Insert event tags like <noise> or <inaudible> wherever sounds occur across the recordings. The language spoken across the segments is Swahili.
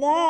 That.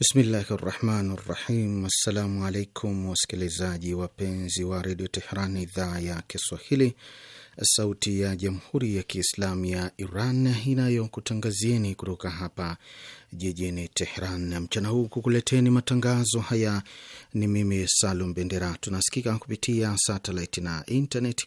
Bismillahi rahmani rahim. Assalamu alaikum wasikilizaji wapenzi wa redio Tehran, idhaa ya Kiswahili, sauti ya jamhuri ya Kiislamu ya Iran inayokutangazieni kutoka hapa jijini Tehran na mchana huu kukuleteni matangazo haya. Ni mimi Salum Bendera. Tunasikika kupitia satelit na internet.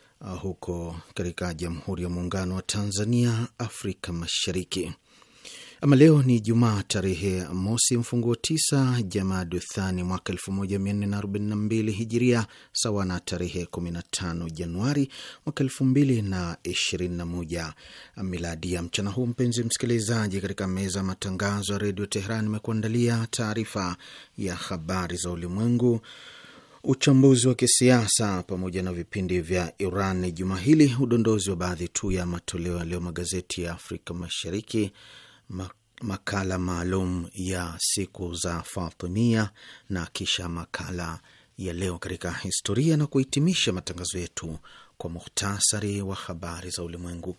Uh, huko katika Jamhuri ya Muungano wa Tanzania, Afrika Mashariki. Ama leo ni Jumaa tarehe mosi mfunguo tisa Jamadu Thani mwaka 1442 Hijiria, sawa na tarehe 15 Januari mwaka 2021 Miladi. Ya mchana huu, mpenzi msikilizaji, katika meza ya matangazo ya Redio Teheran imekuandalia taarifa ya habari za ulimwengu uchambuzi wa kisiasa pamoja na vipindi vya Iran juma hili, udondozi wa baadhi tu ya matoleo yaliyo magazeti ya Afrika Mashariki, makala maalum ya siku za Fatimia na kisha makala ya leo katika historia na kuhitimisha matangazo yetu kwa muhtasari wa habari za ulimwengu.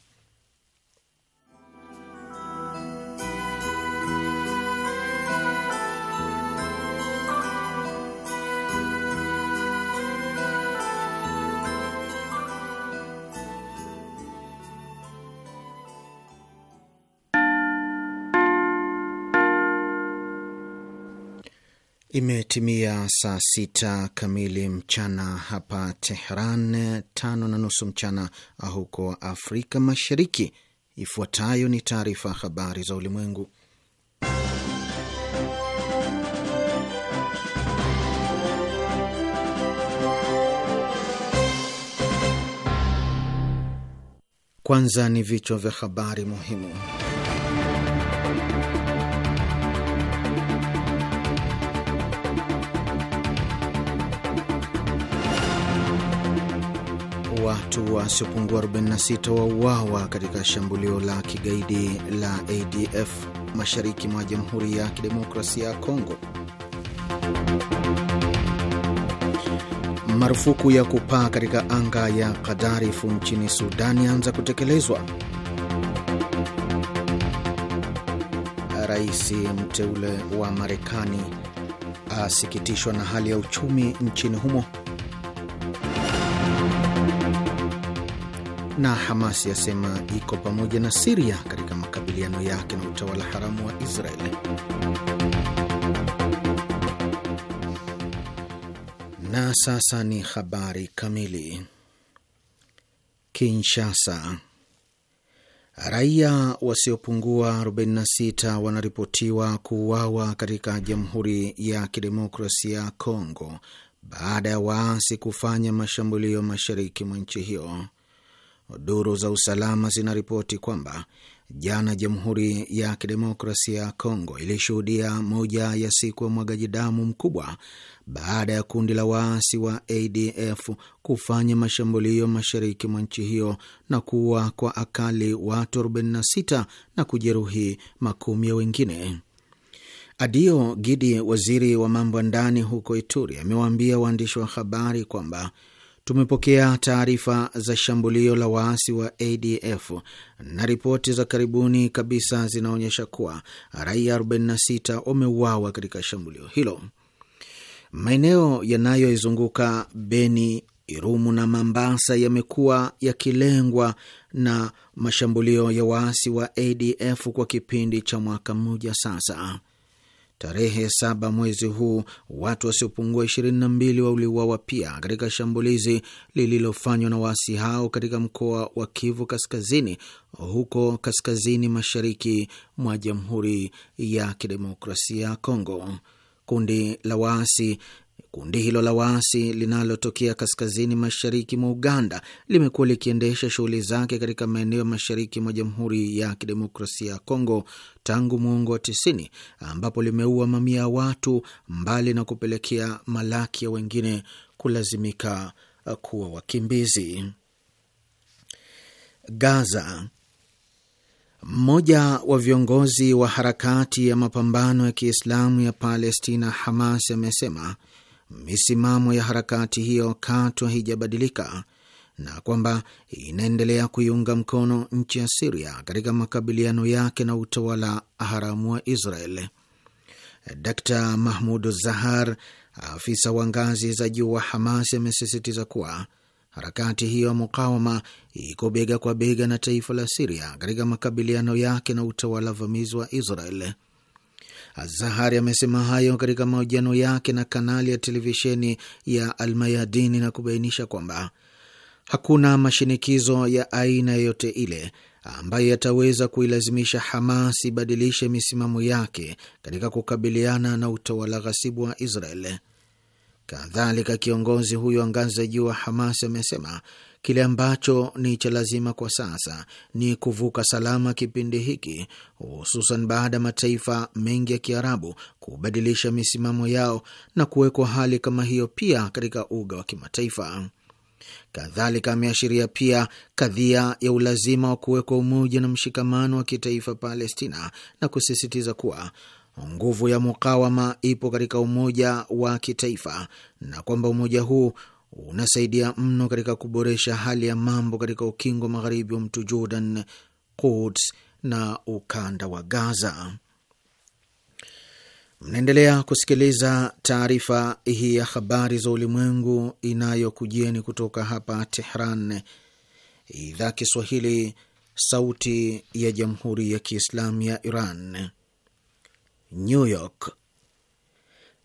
Imetimia saa sita kamili mchana hapa Tehran, tano na nusu mchana huko Afrika Mashariki. Ifuatayo ni taarifa habari za ulimwengu, kwanza ni vichwa vya habari muhimu. Watu wasiopungua 46 wauawa katika shambulio la kigaidi la ADF mashariki mwa Jamhuri ya Kidemokrasia ya Kongo. Marufuku ya kupaa katika anga ya Kadarifu nchini Sudan yaanza kutekelezwa. Rais mteule wa Marekani asikitishwa na hali ya uchumi nchini humo. na Hamas yasema iko pamoja na Siria katika makabiliano yake na utawala haramu wa Israeli. Na sasa ni habari kamili. Kinshasa, raia wasiopungua 46 wanaripotiwa kuuawa katika Jamhuri ya Kidemokrasia ya Kongo baada ya waasi kufanya mashambulio mashariki mwa nchi hiyo. Duru za usalama zinaripoti kwamba jana Jamhuri ya Kidemokrasia ya Kongo ilishuhudia moja ya siku ya mwagaji damu mkubwa baada ya kundi la waasi wa ADF kufanya mashambulio mashariki mwa nchi hiyo na kuua kwa akali watu 46 na kujeruhi makumi ya wengine. Adio Gidi, waziri wa mambo ya ndani huko Ituri, amewaambia waandishi wa habari kwamba Tumepokea taarifa za shambulio la waasi wa ADF na ripoti za karibuni kabisa zinaonyesha kuwa raia 46 wameuawa katika shambulio hilo. Maeneo yanayoizunguka Beni, Irumu na Mambasa yamekuwa yakilengwa na mashambulio ya waasi wa ADF kwa kipindi cha mwaka mmoja sasa. Tarehe saba mwezi huu watu wasiopungua na mbili wauliwawa pia katika shambulizi lililofanywa na waasi hao katika mkoa wa Kivu Kaskazini, huko kaskazini mashariki mwa Jamhuri ya Kidemokrasia ya Kongo. Kundi la waasi Kundi hilo la waasi linalotokea kaskazini mashariki mwa Uganda limekuwa likiendesha shughuli zake katika maeneo ya mashariki mwa Jamhuri ya Kidemokrasia ya Kongo tangu mwongo wa tisini, ambapo limeua mamia ya watu mbali na kupelekea malaki ya wengine kulazimika uh, kuwa wakimbizi. Gaza. Mmoja wa viongozi wa harakati ya mapambano ya Kiislamu ya Palestina, Hamas, amesema misimamo ya harakati hiyo katu haijabadilika na kwamba inaendelea kuiunga mkono nchi ya Siria katika makabiliano yake na utawala haramu wa Israel. Dr Mahmud Zahar, afisa wa ngazi za juu wa Hamas, amesisitiza kuwa harakati hiyo ya mukawama iko bega kwa bega na taifa la Siria katika makabiliano yake na utawala vamizi wa Israel. Azahari amesema hayo katika mahojiano yake na kanali ya televisheni ya Almayadini na kubainisha kwamba hakuna mashinikizo ya aina yoyote ile ambayo yataweza kuilazimisha Hamas ibadilishe misimamo yake katika kukabiliana na utawala ghasibu wa Israel. Kadhalika, kiongozi huyo wa ngazi ya juu wa Hamas amesema Kile ambacho ni cha lazima kwa sasa ni kuvuka salama kipindi hiki, hususan baada ya mataifa mengi ya Kiarabu kubadilisha misimamo yao na kuwekwa hali kama hiyo pia katika uga wa kimataifa. Kadhalika ameashiria pia kadhia ya ulazima wa kuwekwa umoja na mshikamano wa kitaifa Palestina na kusisitiza kuwa nguvu ya mukawama ipo katika umoja wa kitaifa na kwamba umoja huu unasaidia mno katika kuboresha hali ya mambo katika ukingo magharibi wa mto Jordan, Quds na ukanda wa Gaza. Mnaendelea kusikiliza taarifa hii ya habari za ulimwengu inayokujieni kutoka hapa Tehran, idhaa Kiswahili, sauti ya jamhuri ya kiislamu ya Iran. New York,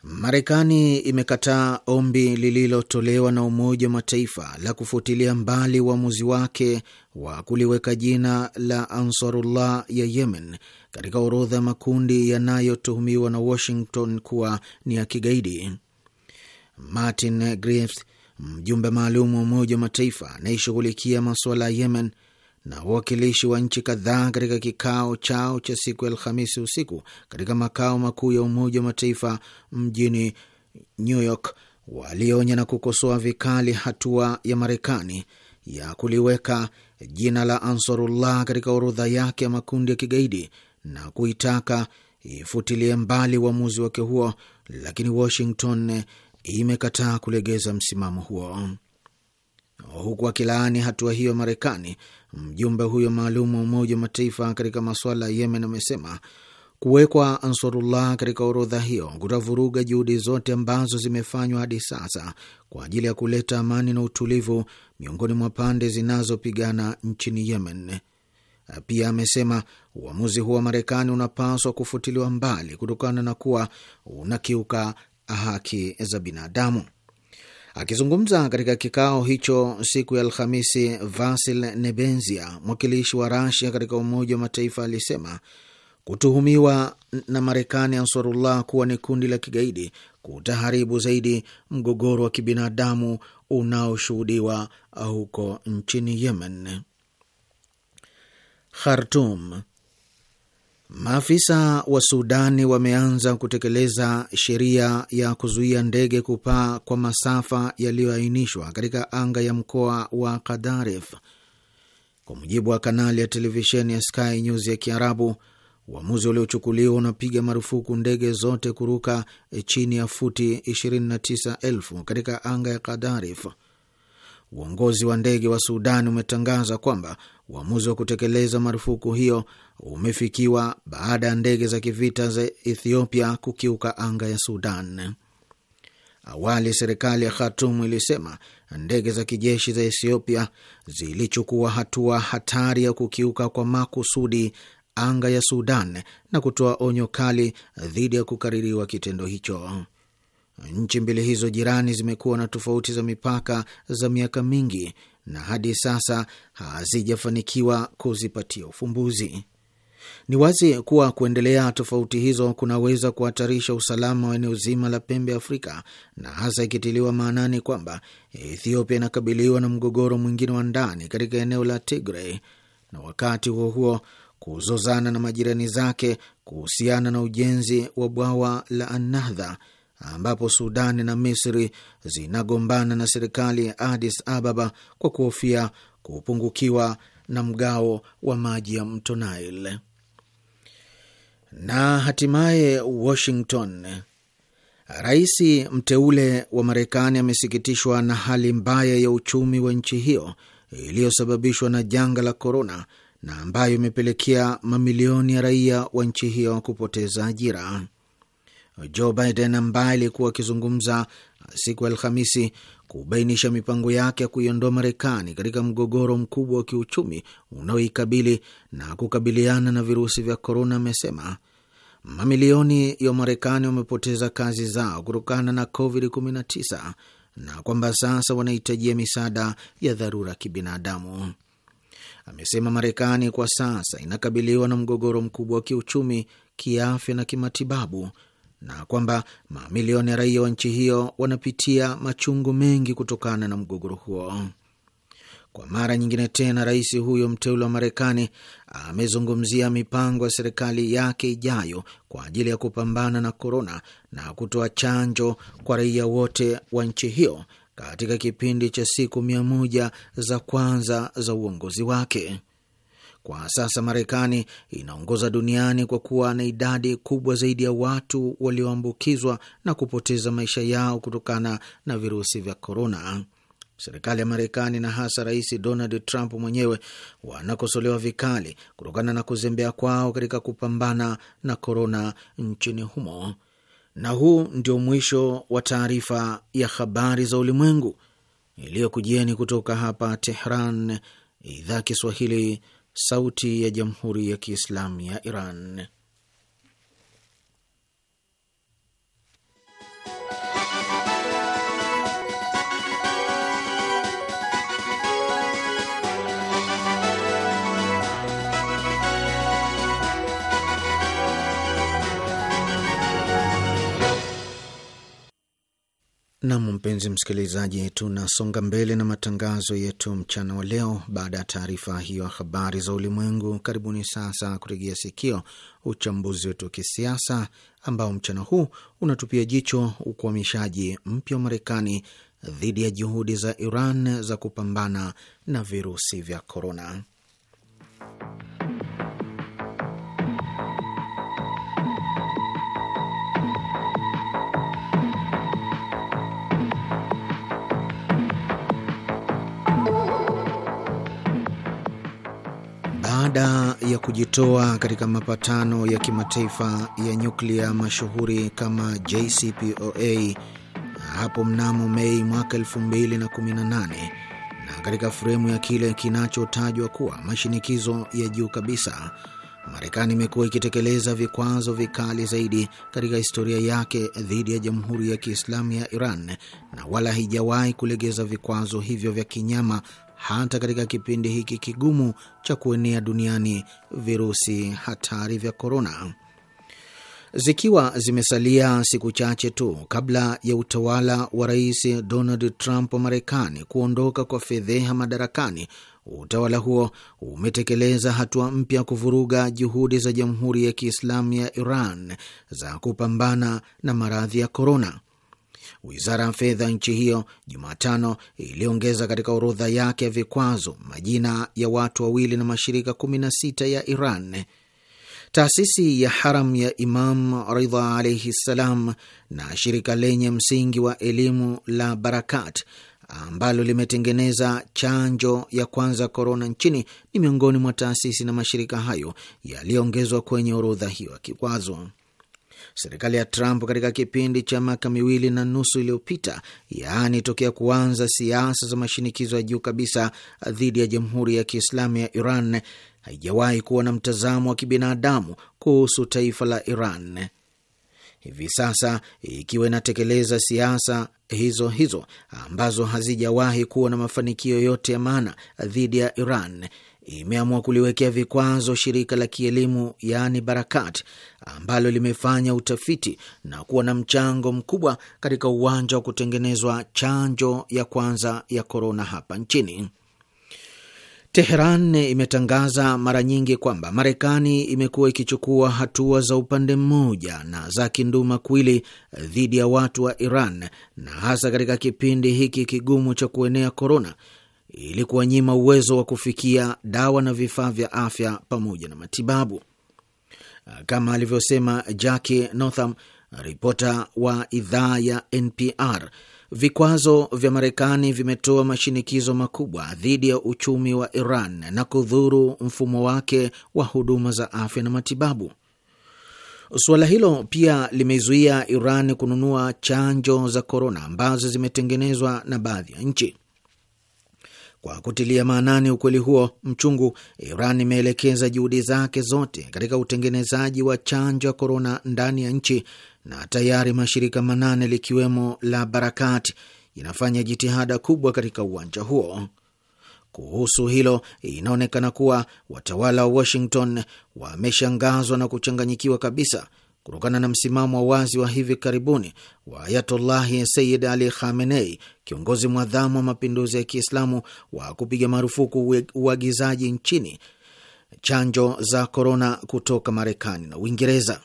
Marekani imekataa ombi lililotolewa na Umoja wa Mataifa la kufutilia mbali uamuzi wa wake wa kuliweka jina la Ansarullah ya Yemen katika orodha ya makundi yanayotuhumiwa na Washington kuwa ni ya kigaidi. Martin Griffiths, mjumbe maalum wa Umoja wa Mataifa anayeshughulikia masuala ya Yemen, na wawakilishi wa nchi kadhaa katika kikao chao cha siku ya Alhamisi usiku katika makao makuu ya Umoja wa Mataifa mjini New York walionya na kukosoa vikali hatua ya Marekani ya kuliweka jina la Ansarullah katika orodha yake ya makundi ya kigaidi na kuitaka ifutilie mbali uamuzi wake huo, lakini Washington imekataa kulegeza msimamo huo huku akilaani hatua hiyo Marekani. Mjumbe huyo maalum wa Umoja wa Mataifa katika masuala ya Yemen amesema kuwekwa Ansarullah katika orodha hiyo kutavuruga juhudi zote ambazo zimefanywa hadi sasa kwa ajili ya kuleta amani na utulivu miongoni mwa pande zinazopigana nchini Yemen. Pia amesema uamuzi huo wa Marekani unapaswa kufutiliwa mbali kutokana na kuwa unakiuka haki za binadamu. Akizungumza katika kikao hicho siku ya Alhamisi, Vasil Nebenzia, mwakilishi wa Rasia katika Umoja wa Mataifa, alisema kutuhumiwa na Marekani Ansarullah kuwa ni kundi la kigaidi kutaharibu zaidi mgogoro wa kibinadamu unaoshuhudiwa huko nchini Yemen. Khartum Maafisa wa Sudani wameanza kutekeleza sheria ya kuzuia ndege kupaa kwa masafa yaliyoainishwa katika anga ya mkoa wa Kadaref. Kwa mujibu wa kanali ya televisheni ya Sky News ya Kiarabu, uamuzi uliochukuliwa unapiga marufuku ndege zote kuruka chini ya futi 29,000 katika anga ya Kadarif. Uongozi wa ndege wa Sudan umetangaza kwamba uamuzi wa kutekeleza marufuku hiyo umefikiwa baada ya ndege za kivita za Ethiopia kukiuka anga ya Sudan. Awali serikali ya Khartoum ilisema ndege za kijeshi za Ethiopia zilichukua hatua hatari ya kukiuka kwa makusudi anga ya Sudan na kutoa onyo kali dhidi ya kukaririwa kitendo hicho. Nchi mbili hizo jirani zimekuwa na tofauti za mipaka za miaka mingi na hadi sasa hazijafanikiwa kuzipatia ufumbuzi. Ni wazi kuwa kuendelea tofauti hizo kunaweza kuhatarisha usalama wa eneo zima la pembe Afrika, na hasa ikitiliwa maanani kwamba Ethiopia inakabiliwa na mgogoro mwingine wa ndani katika eneo la Tigray na wakati huo huo kuzozana na majirani zake kuhusiana na ujenzi wa bwawa la Anahdha ambapo Sudani na Misri zinagombana na serikali ya Addis Ababa kwa kuhofia kupungukiwa na mgao wa maji ya mto Nile. Na hatimaye Washington, rais mteule wa Marekani amesikitishwa na hali mbaya ya uchumi wa nchi hiyo iliyosababishwa na janga la korona na ambayo imepelekea mamilioni ya raia wa nchi hiyo kupoteza ajira. Joe Biden ambaye alikuwa akizungumza siku ya Alhamisi kubainisha mipango yake ya kuiondoa Marekani katika mgogoro mkubwa wa kiuchumi unaoikabili na kukabiliana na virusi vya korona, amesema mamilioni ya Wamarekani wamepoteza kazi zao kutokana na COVID-19 na kwamba sasa wanahitajia misaada ya dharura ya kibinadamu. Amesema Marekani kwa sasa inakabiliwa na mgogoro mkubwa wa kiuchumi, kiafya na kimatibabu na kwamba mamilioni ya raia wa nchi hiyo wanapitia machungu mengi kutokana na mgogoro huo. Kwa mara nyingine tena, rais huyo mteule wa Marekani amezungumzia mipango ya serikali yake ijayo kwa ajili ya kupambana na korona na kutoa chanjo kwa raia wote wa nchi hiyo katika kipindi cha siku mia moja za kwanza za uongozi wake. Kwa sasa Marekani inaongoza duniani kwa kuwa na idadi kubwa zaidi ya watu walioambukizwa na kupoteza maisha yao kutokana na virusi vya korona. Serikali ya Marekani na hasa Rais Donald Trump mwenyewe wanakosolewa vikali kutokana na kuzembea kwao katika kupambana na korona nchini humo. Na huu ndio mwisho wa taarifa ya habari za ulimwengu iliyokujieni kutoka hapa Tehran, idhaa Kiswahili, Sauti ya Jamhuri ya Kiislamu ya Iran. mpenzi msikilizaji, tunasonga mbele na matangazo yetu mchana wa leo. Baada ya taarifa hiyo ya habari za ulimwengu, karibuni sasa kuregea sikio uchambuzi wetu wa kisiasa ambao mchana huu unatupia jicho ukwamishaji mpya wa Marekani dhidi ya juhudi za Iran za kupambana na virusi vya korona. Baada ya kujitoa katika mapatano ya kimataifa ya nyuklia mashuhuri kama JCPOA hapo mnamo Mei mwaka 2018 na katika fremu ya kile kinachotajwa kuwa mashinikizo ya juu kabisa, Marekani imekuwa ikitekeleza vikwazo vikali zaidi katika historia yake dhidi ya Jamhuri ya Kiislamu ya Iran na wala haijawahi kulegeza vikwazo hivyo vya kinyama hata katika kipindi hiki kigumu cha kuenea duniani virusi hatari vya korona. Zikiwa zimesalia siku chache tu kabla ya utawala wa Rais Donald Trump wa Marekani kuondoka kwa fedheha madarakani, utawala huo umetekeleza hatua mpya kuvuruga juhudi za Jamhuri ya Kiislamu ya Iran za kupambana na maradhi ya korona. Wizara ya fedha ya nchi hiyo Jumatano iliongeza katika orodha yake ya vikwazo majina ya watu wawili na mashirika 16 ya Iran. Taasisi ya Haram ya Imam Ridha alaihi ssalam na shirika lenye msingi wa elimu la Barakat ambalo limetengeneza chanjo ya kwanza korona nchini ni miongoni mwa taasisi na mashirika hayo yaliyoongezwa kwenye orodha hiyo ya kikwazo. Serikali ya Trump katika kipindi cha miaka miwili na nusu iliyopita, yaani tokea kuanza siasa za mashinikizo ya juu kabisa dhidi ya Jamhuri ya Kiislamu ya Iran, haijawahi kuwa na mtazamo wa kibinadamu kuhusu taifa la Iran. Hivi sasa ikiwa inatekeleza siasa hizo hizo ambazo hazijawahi kuwa na mafanikio yote ya maana dhidi ya Iran, imeamua kuliwekea vikwazo shirika la kielimu yaani Barakat ambalo limefanya utafiti na kuwa na mchango mkubwa katika uwanja wa kutengenezwa chanjo ya kwanza ya korona hapa nchini. Teheran imetangaza mara nyingi kwamba Marekani imekuwa ikichukua hatua za upande mmoja na za kinduma kwili dhidi ya watu wa Iran na hasa katika kipindi hiki kigumu cha kuenea korona ili kuwanyima uwezo wa kufikia dawa na vifaa vya afya pamoja na matibabu. Kama alivyosema Jackie Northam, ripota wa idhaa ya NPR, vikwazo vya Marekani vimetoa mashinikizo makubwa dhidi ya uchumi wa Iran na kudhuru mfumo wake wa huduma za afya na matibabu. Suala hilo pia limezuia Iran kununua chanjo za korona ambazo zimetengenezwa na baadhi ya nchi. Kwa kutilia maanani ukweli huo mchungu, Iran imeelekeza juhudi zake zote katika utengenezaji wa chanjo ya korona ndani ya nchi, na tayari mashirika manane likiwemo la barakat inafanya jitihada kubwa katika uwanja huo. Kuhusu hilo, inaonekana kuwa watawala wa Washington wameshangazwa na kuchanganyikiwa kabisa kutokana na msimamo wa wazi wa hivi karibuni wa Ayatullahi Sayyid Ali Khamenei, kiongozi mwadhamu wa mapinduzi ya Kiislamu, wa kupiga marufuku uagizaji nchini chanjo za korona kutoka Marekani na Uingereza.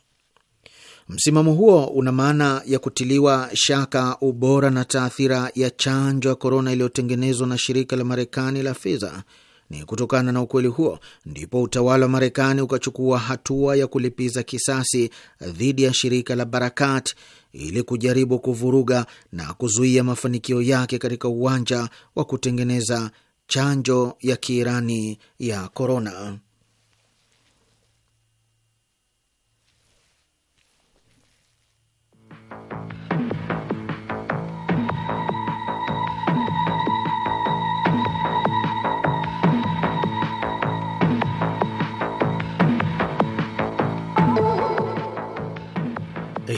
Msimamo huo una maana ya kutiliwa shaka ubora na taathira ya chanjo ya korona iliyotengenezwa na shirika la Marekani la Pfizer ni kutokana na ukweli huo ndipo utawala wa Marekani ukachukua hatua ya kulipiza kisasi dhidi ya shirika la Barakat ili kujaribu kuvuruga na kuzuia mafanikio yake katika uwanja wa kutengeneza chanjo ya Kiirani ya korona.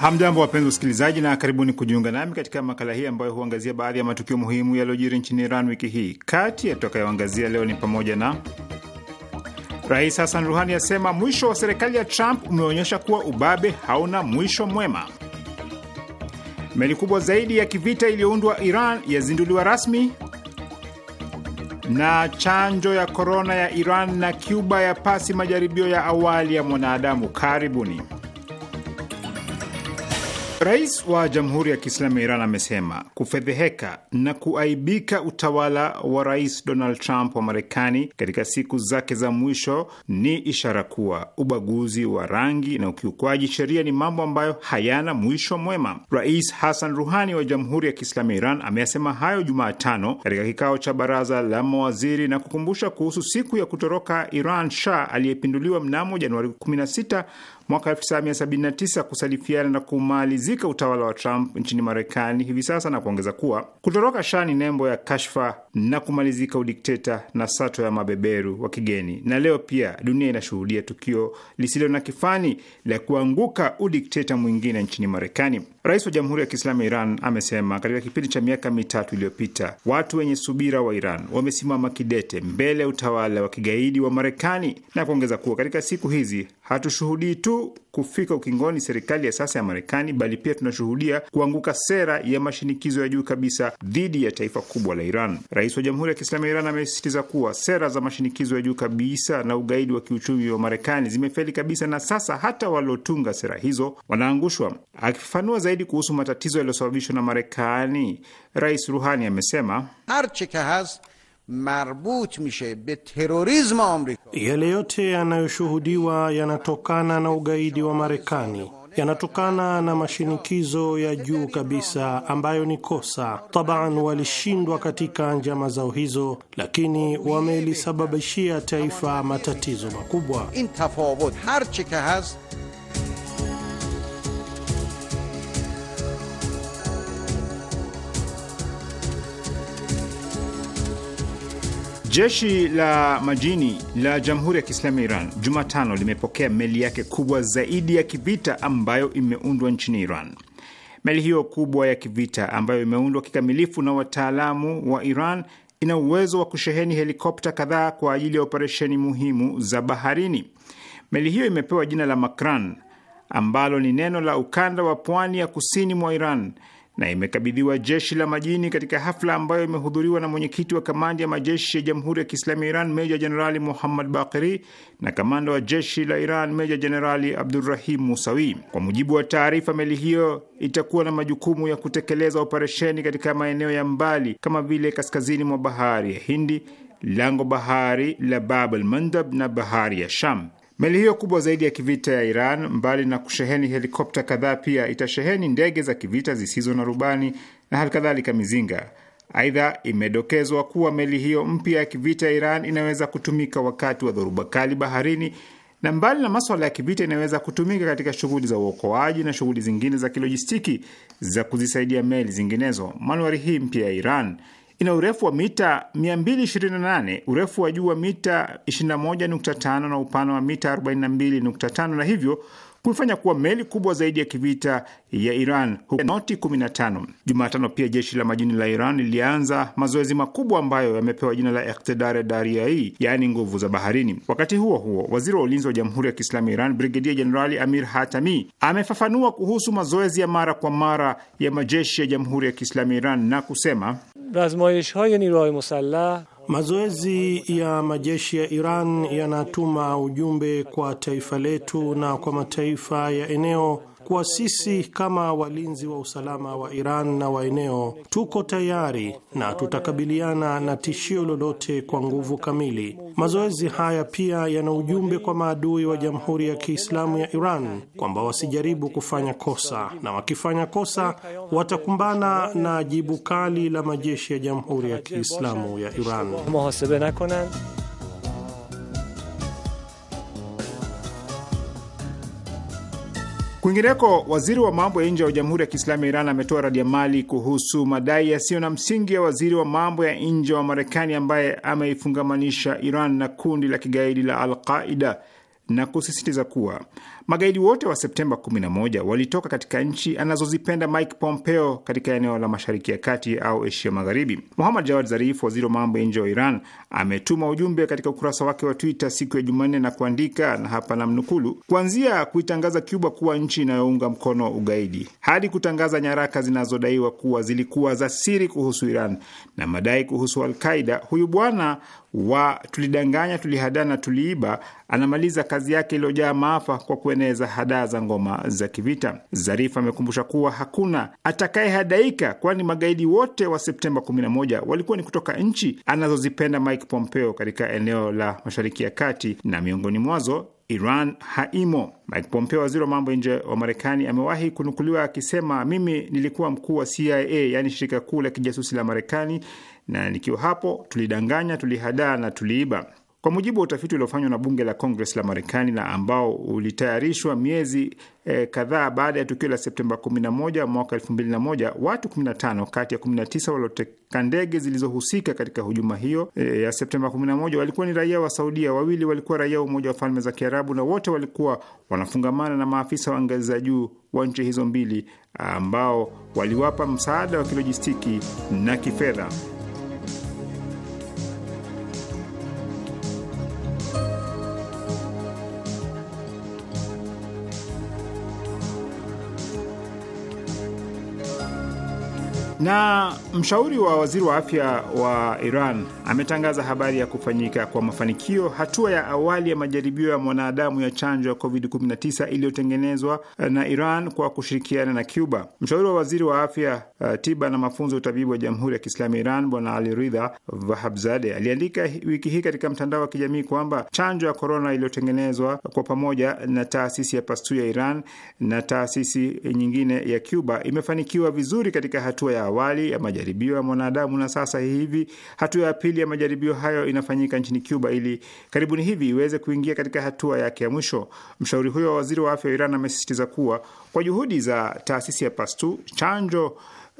Hamjambo, wapenzi wasikilizaji, na karibuni kujiunga nami katika makala hii ambayo huangazia baadhi ya matukio muhimu yaliyojiri nchini Iran wiki hii. Kati ya tutakayoangazia leo ni pamoja na Rais Hassan Ruhani asema mwisho wa serikali ya Trump umeonyesha kuwa ubabe hauna mwisho mwema. Meli kubwa zaidi ya kivita iliyoundwa Iran yazinduliwa rasmi, na chanjo ya korona ya Iran na Cuba pasi majaribio ya awali ya mwanadamu. Karibuni. Rais wa Jamhuri ya Kiislamu ya Iran amesema kufedheheka na kuaibika utawala wa Rais Donald Trump wa Marekani katika siku zake za mwisho ni ishara kuwa ubaguzi wa rangi na ukiukwaji sheria ni mambo ambayo hayana mwisho mwema. Rais Hassan Ruhani wa Jamhuri ya Kiislamu ya Iran ameyasema hayo Jumatano katika kikao cha baraza la mawaziri na kukumbusha kuhusu siku ya kutoroka Iran Shah aliyepinduliwa mnamo Januari 16 mwaka 1979 kusalifiana na kumalizika utawala wa Trump nchini Marekani hivi sasa, na kuongeza kuwa kutoroka Shah ni nembo ya kashfa na kumalizika udikteta na sato ya mabeberu wa kigeni. Na leo pia dunia inashuhudia tukio lisilo na kifani la kuanguka udikteta mwingine nchini Marekani. Rais wa Jamhuri ya Kiislamu ya Iran amesema katika kipindi cha miaka mitatu iliyopita watu wenye subira wa Iran wamesimama kidete mbele ya utawala wa kigaidi wa Marekani na kuongeza kuwa katika siku hizi hatushuhudii tu kufika ukingoni serikali ya sasa ya Marekani, bali pia tunashuhudia kuanguka sera ya mashinikizo ya juu kabisa dhidi ya taifa kubwa la Iran. Rais wa Jamhuri ya Kiislamu ya Iran amesisitiza kuwa sera za mashinikizo ya juu kabisa na ugaidi wa kiuchumi wa Marekani zimefeli kabisa, na sasa hata waliotunga sera hizo wanaangushwa. Akifafanua zaidi kuhusu matatizo yaliyosababishwa na Marekani, Rais Ruhani amesema archika has مربوط میشه به تروریسم آمریکا. Yale yote yanayoshuhudiwa yanatokana na ugaidi wa Marekani, yanatokana na mashinikizo ya juu kabisa ambayo ni kosa taban. Walishindwa katika njama zao hizo, lakini wamelisababishia taifa matatizo makubwa. Jeshi la majini la Jamhuri ya Kiislamu ya Iran Jumatano limepokea meli yake kubwa zaidi ya kivita ambayo imeundwa nchini Iran. Meli hiyo kubwa ya kivita ambayo imeundwa kikamilifu na wataalamu wa Iran ina uwezo wa kusheheni helikopta kadhaa kwa ajili ya operesheni muhimu za baharini. Meli hiyo imepewa jina la Makran ambalo ni neno la ukanda wa pwani ya kusini mwa Iran na imekabidhiwa jeshi la majini katika hafla ambayo imehudhuriwa na mwenyekiti wa kamandi ya majeshi ya Jamhuri ya Kiislamu ya Iran meja jenerali Muhammad Bakiri na kamanda wa jeshi la Iran meja jenerali Abdurrahim Musawi. Kwa mujibu wa taarifa, meli hiyo itakuwa na majukumu ya kutekeleza operesheni katika maeneo ya mbali kama vile kaskazini mwa bahari ya Hindi, lango bahari la babl Mandab na bahari ya Sham. Meli hiyo kubwa zaidi ya kivita ya Iran, mbali na kusheheni helikopta kadhaa, pia itasheheni ndege za kivita zisizo na rubani na hali kadhalika mizinga. Aidha, imedokezwa kuwa meli hiyo mpya ya kivita ya Iran inaweza kutumika wakati wa dhoruba kali baharini, na mbali na maswala ya kivita, inaweza kutumika katika shughuli za uokoaji na shughuli zingine za kilojistiki za kuzisaidia meli zinginezo. Manuari hii mpya ya Iran ina urefu wa mita 228, urefu wa juu wa mita 21.5 na upana wa mita 42.5 na hivyo kuifanya kuwa meli kubwa zaidi ya kivita ya Iran huku noti 15. Jumatano pia jeshi la majini la Iran lilianza mazoezi makubwa ambayo yamepewa jina la Iktidar Dariai, yaani nguvu za baharini. Wakati huo huo, waziri wa ulinzi wa Jamhuri ya Kiislamu ya Iran Brigedia Jenerali Amir Hatami amefafanua kuhusu mazoezi ya mara kwa mara ya majeshi ya Jamhuri ya Kiislamu ya Iran na kusema Mazoezi ya majeshi ya Iran yanatuma ujumbe kwa taifa letu na kwa mataifa ya eneo kuwa sisi kama walinzi wa usalama wa Iran na wa eneo tuko tayari na tutakabiliana na tishio lolote kwa nguvu kamili. Mazoezi haya pia yana ujumbe kwa maadui wa Jamhuri ya Kiislamu ya Iran kwamba wasijaribu kufanya kosa, na wakifanya kosa watakumbana na jibu kali la majeshi ya Jamhuri ya Kiislamu ya Iran. Kwingineko, waziri wa mambo ya nje wa Jamhuri ya Kiislamu ya Iran ametoa radiamali kuhusu madai yasiyo na msingi ya waziri wa mambo ya nje wa Marekani ambaye ameifungamanisha Iran na kundi la kigaidi la Alqaida na kusisitiza kuwa Magaidi wote wa Septemba 11 walitoka katika nchi anazozipenda Mike Pompeo katika eneo la Mashariki ya Kati au Asia Magharibi. Muhammad Jawad Zarif, waziri wa mambo ya nje wa Iran, ametuma ujumbe katika ukurasa wake wa Twitter siku ya Jumanne na kuandika, na hapa namnukulu: kuanzia kuitangaza Cuba kuwa nchi inayounga mkono ugaidi hadi kutangaza nyaraka zinazodaiwa kuwa zilikuwa za siri kuhusu Iran na madai kuhusu Alqaida, huyu bwana wa tulidanganya, tulihadaa na tuliiba, anamaliza kazi yake iliyojaa maafa kwa kueneza hadaa za ngoma za kivita. Zarif amekumbusha kuwa hakuna atakayehadaika, kwani magaidi wote wa Septemba 11 walikuwa ni kutoka nchi anazozipenda Mike Pompeo katika eneo la Mashariki ya Kati, na miongoni mwazo Iran haimo. Mike Pompeo, waziri wa mambo ya nje wa Marekani, amewahi kunukuliwa akisema, mimi nilikuwa mkuu wa CIA, yaani shirika kuu la kijasusi la Marekani, na nikiwa hapo tulidanganya, tulihadaa na tuliiba. Kwa mujibu wa utafiti uliofanywa na bunge la Kongres la Marekani na ambao ulitayarishwa miezi e, kadhaa baada ya tukio la Septemba 11 mwaka 2001, watu 15 kati ya 19 walioteka ndege zilizohusika katika hujuma hiyo e, ya Septemba 11 walikuwa ni raia wa Saudia, wawili walikuwa raia wa Umoja wa Falme za Kiarabu na wote walikuwa wanafungamana na maafisa wa ngazi za juu wa nchi hizo mbili ambao waliwapa msaada wa kilojistiki na kifedha. Na mshauri wa waziri wa afya wa Iran ametangaza habari ya kufanyika kwa mafanikio hatua ya awali ya majaribio ya mwanadamu ya chanjo ya COVID-19 iliyotengenezwa na Iran kwa kushirikiana na Cuba. Mshauri wa waziri wa afya uh, tiba na mafunzo ya utabibu wa Jamhuri ya Kiislamu ya Iran Bwana Ali Ridha Vahabzade aliandika wiki hii katika mtandao wa kijamii kwamba chanjo ya korona iliyotengenezwa kwa pamoja na taasisi ya Pasteur ya Iran na taasisi nyingine ya Cuba imefanikiwa vizuri katika hatua ya awali ya majaribio ya mwanadamu, na sasa hivi hatua ya pili ya majaribio hayo inafanyika nchini Cuba ili karibuni hivi iweze kuingia katika hatua yake ya mwisho. Mshauri huyo wa waziri wa afya wa Iran amesisitiza kuwa kwa juhudi za taasisi ya Pastu, chanjo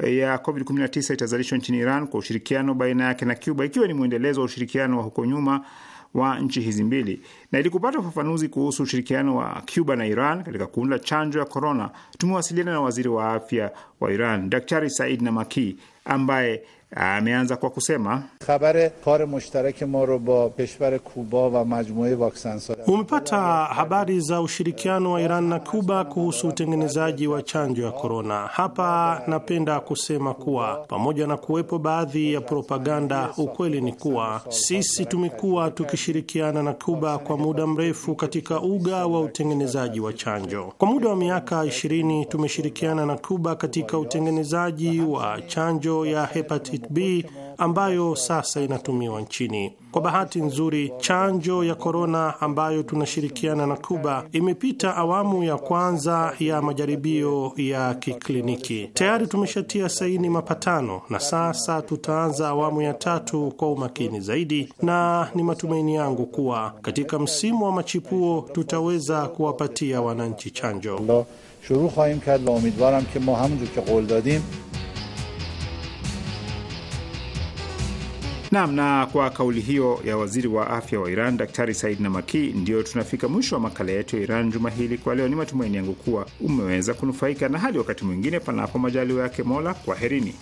ya COVID-19 itazalishwa nchini Iran kwa ushirikiano baina yake na Cuba, ikiwa ni mwendelezo wa ushirikiano wa huko nyuma wa nchi hizi mbili. Na ili kupata ufafanuzi kuhusu ushirikiano wa Cuba na Iran katika kuunda chanjo ya korona, tumewasiliana na waziri wa afya wa Iran Daktari Said Namaki ambaye ameanza kwa kusema umepata habari za ushirikiano wa Iran na Kuba kuhusu utengenezaji wa chanjo ya korona. Hapa napenda kusema kuwa pamoja na kuwepo baadhi ya propaganda, ukweli ni kuwa sisi tumekuwa tukishirikiana na Kuba kwa muda mrefu katika uga wa utengenezaji wa chanjo. Kwa muda wa miaka 20 tumeshirikiana na Kuba katika utengenezaji wa chanjo ya hepatitis B ambayo sasa inatumiwa nchini. Kwa bahati nzuri, chanjo ya korona ambayo tunashirikiana na Kuba imepita awamu ya kwanza ya majaribio ya kikliniki. Tayari tumeshatia saini mapatano na sasa tutaanza awamu ya tatu kwa umakini zaidi, na ni matumaini yangu kuwa katika msimu wa machipuo tutaweza kuwapatia wananchi chanjo. Naam, na kwa kauli hiyo ya waziri wa afya wa Iran Daktari Said Namaki, ndio tunafika mwisho wa makala yetu ya Iran juma hili kwa leo. Ni matumaini yangu kuwa umeweza kunufaika, na hadi wakati mwingine, panapo majaliwa yake Mola, kwaherini.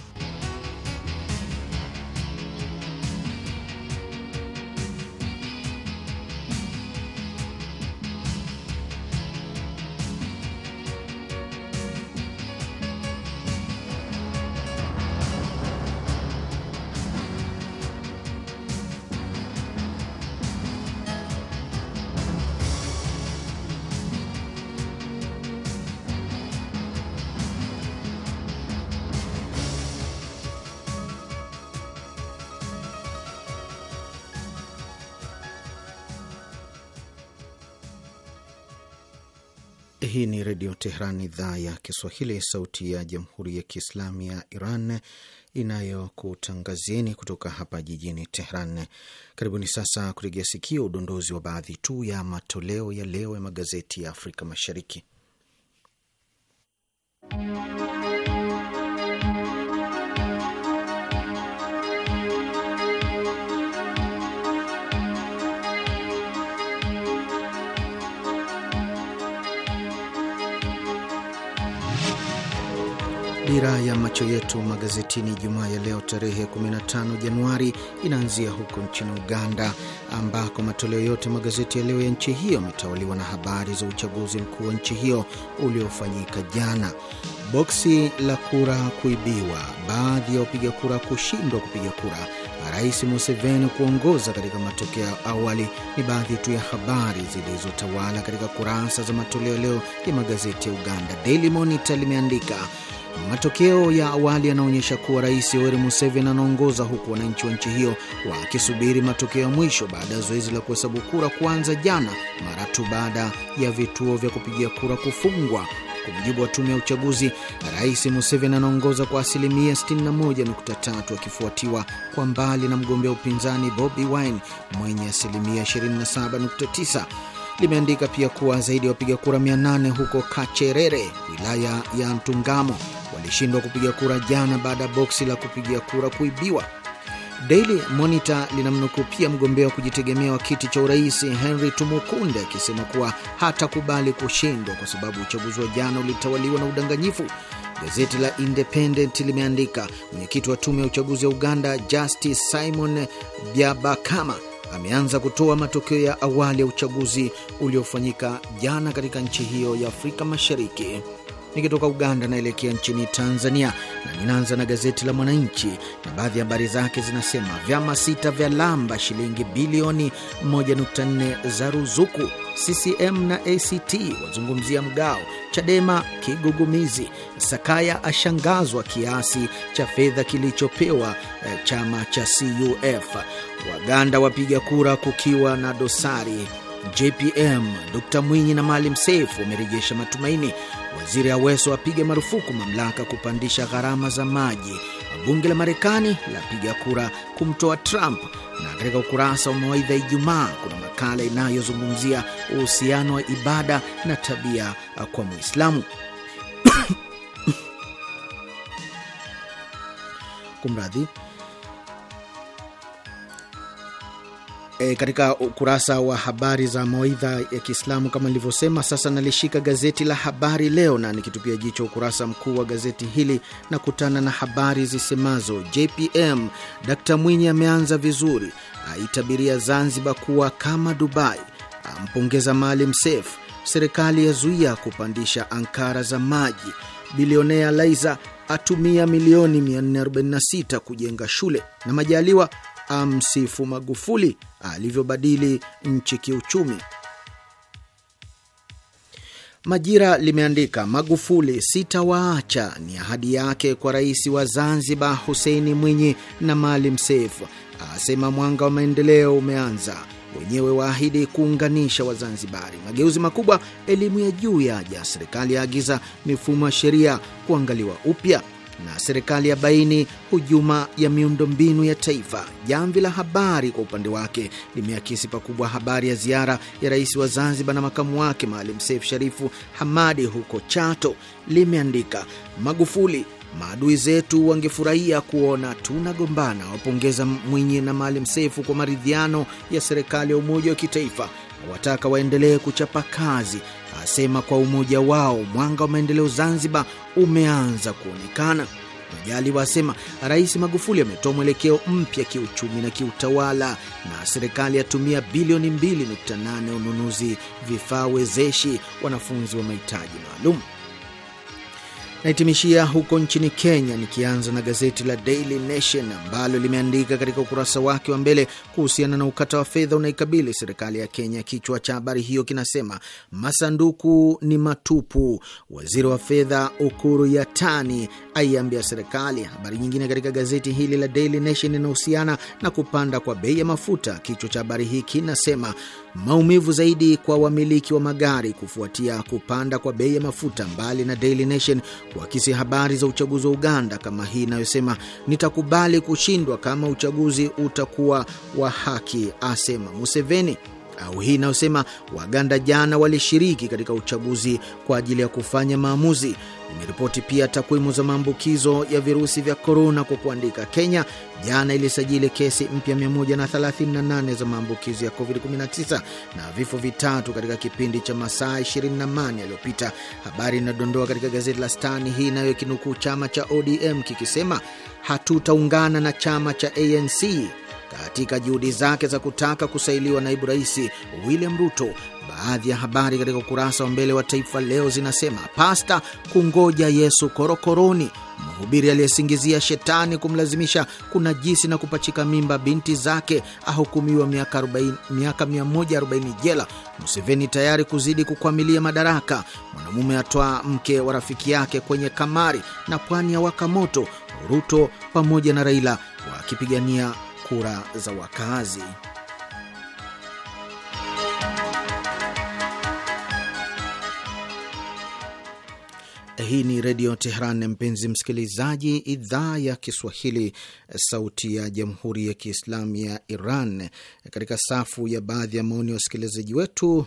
Redio Tehran, idhaa ya Kiswahili, sauti ya jamhuri ya kiislamu ya Iran inayokutangazieni kutoka hapa jijini Tehran. Karibuni sasa kurejea sikio udondozi wa baadhi tu ya matoleo ya leo ya magazeti ya Afrika Mashariki. Dira ya macho yetu magazetini Jumaa ya leo tarehe 15 Januari inaanzia huko nchini Uganda, ambako matoleo yote magazeti ya leo ya nchi hiyo yametawaliwa na habari za uchaguzi mkuu wa nchi hiyo uliofanyika jana. Boksi la kura kuibiwa, baadhi ya wapiga kura kushindwa kupiga kura, Rais Museveni kuongoza katika matokeo ya awali ni baadhi tu ya habari zilizotawala katika kurasa za matoleo leo ya magazeti ya Uganda. Daily Monitor limeandika Matokeo ya awali yanaonyesha kuwa Rais Yoweri Museveni anaongoza huku wananchi wa nchi hiyo wakisubiri matokeo ya mwisho baada ya zoezi la kuhesabu kura kuanza jana, mara tu baada ya vituo vya kupigia kura kufungwa. Kwa mujibu wa tume ya uchaguzi, Rais Museveni anaongoza kwa asilimia 61.3 akifuatiwa kwa mbali na mgombea upinzani Bobi Wine mwenye asilimia 27.9 limeandika pia kuwa zaidi ya wapiga kura 800 huko Kacherere, wilaya ya Ntungamo, walishindwa kupiga kura jana baada ya boksi la kupigia kura kuibiwa. Daily Monitor linamnukuu pia mgombea wa kujitegemea wa kiti cha urais Henry Tumukunde akisema kuwa hatakubali kushindwa kwa sababu uchaguzi wa jana ulitawaliwa na udanganyifu. Gazeti la Independent limeandika mwenyekiti wa tume ya uchaguzi ya Uganda Justice Simon Byabakama ameanza kutoa matokeo ya awali ya uchaguzi uliofanyika jana katika nchi hiyo ya Afrika Mashariki nikitoka Uganda naelekea nchini Tanzania, na ninaanza na gazeti la Mwananchi na baadhi ya habari zake zinasema: vyama sita vya lamba shilingi bilioni 1.4 za ruzuku, CCM na ACT wazungumzia mgao, Chadema kigugumizi, Sakaya ashangazwa kiasi cha fedha kilichopewa eh, chama cha CUF, Waganda wapiga kura kukiwa na dosari JPM, d Mwinyi na Maalim Seif wamerejesha matumaini. Waziri Aweso apiga marufuku mamlaka kupandisha gharama za maji. Bunge la Marekani lapiga kura kumtoa Trump, na katika ukurasa wa mawaidha Ijumaa kuna makala inayozungumzia uhusiano wa ibada na tabia kwa Mwislamu. <coughs> Kumradhi. E, katika ukurasa wa habari za mawaidha ya Kiislamu kama nilivyosema, sasa nalishika gazeti la Habari Leo na nikitupia jicho ukurasa mkuu wa gazeti hili na kutana na habari zisemazo: JPM, Dkt Mwinyi ameanza vizuri, aitabiria Zanzibar kuwa kama Dubai, ampongeza Maalim Seif, serikali yazuia kupandisha ankara za maji, bilionea Laiza atumia milioni 446 kujenga shule, na Majaliwa amsifu Magufuli alivyobadili nchi kiuchumi. Majira limeandika Magufuli sitawaacha, ni ahadi yake kwa rais wa Zanzibar Huseini Mwinyi na Maalim Seif, asema mwanga wa maendeleo umeanza, wenyewe waahidi kuunganisha Wazanzibari. Mageuzi makubwa elimu ya juu yaja, serikali yaagiza mifumo ya sheria kuangaliwa upya na serikali ya baini hujuma ya miundombinu ya taifa. Jamvi la Habari kwa upande wake limeakisi pakubwa habari ya ziara ya rais wa Zanzibar na makamu wake Maalim Seif Sharifu Hamadi huko Chato. Limeandika Magufuli, maadui zetu wangefurahia kuona tunagombana. Wapongeza Mwinyi na Maalim Seifu kwa maridhiano ya serikali ya umoja wa kitaifa, wataka waendelee kuchapa kazi asema kwa umoja wao mwanga wa maendeleo Zanzibar umeanza kuonekana. Majaliwa asema Rais Magufuli ametoa mwelekeo mpya kiuchumi na kiutawala, na serikali yatumia bilioni 2.8 ununuzi vifaa wezeshi wanafunzi wa mahitaji maalum naitimishia huko nchini Kenya, nikianza na gazeti la Daily Nation ambalo limeandika katika ukurasa wake wa mbele kuhusiana na ukata wa fedha unaikabili serikali ya Kenya. Kichwa cha habari hiyo kinasema masanduku ni matupu, waziri wa fedha Ukuru Yatani aiambia serikali. Habari nyingine katika gazeti hili la Daily Nation inahusiana na kupanda kwa bei ya mafuta. Kichwa cha habari hii kinasema maumivu zaidi kwa wamiliki wa magari kufuatia kupanda kwa bei ya mafuta, mbali na Daily Nation kuakisi habari za uchaguzi wa Uganda kama hii inayosema nitakubali kushindwa kama uchaguzi utakuwa wa haki, asema Museveni au hii inayosema Waganda jana walishiriki katika uchaguzi kwa ajili ya kufanya maamuzi. imeripoti pia takwimu za maambukizo ya virusi vya korona kwa kuandika, Kenya jana ilisajili kesi mpya 138 za maambukizi ya COVID-19 na vifo vitatu katika kipindi cha masaa 24 yaliyopita. Habari inadondoa katika gazeti la Stani hii nayo kinukuu chama cha ODM kikisema hatutaungana na chama cha ANC katika juhudi zake za kutaka kusailiwa naibu rais William Ruto, baadhi ya habari katika ukurasa wa mbele wa Taifa Leo zinasema pasta kungoja Yesu korokoroni, mhubiri aliyesingizia shetani kumlazimisha kunajisi na kupachika mimba binti zake ahukumiwa miaka 40, miaka 140 jela. Museveni tayari kuzidi kukwamilia madaraka. Mwanamume atoa mke wa rafiki yake kwenye kamari, na pwani ya waka moto. Ruto pamoja na Raila wakipigania kura za wakazi. Hii ni Redio Tehran, mpenzi msikilizaji, idhaa ya Kiswahili, sauti ya Jamhuri ya Kiislamu ya Iran. Katika safu ya baadhi ya maoni ya wasikilizaji wetu,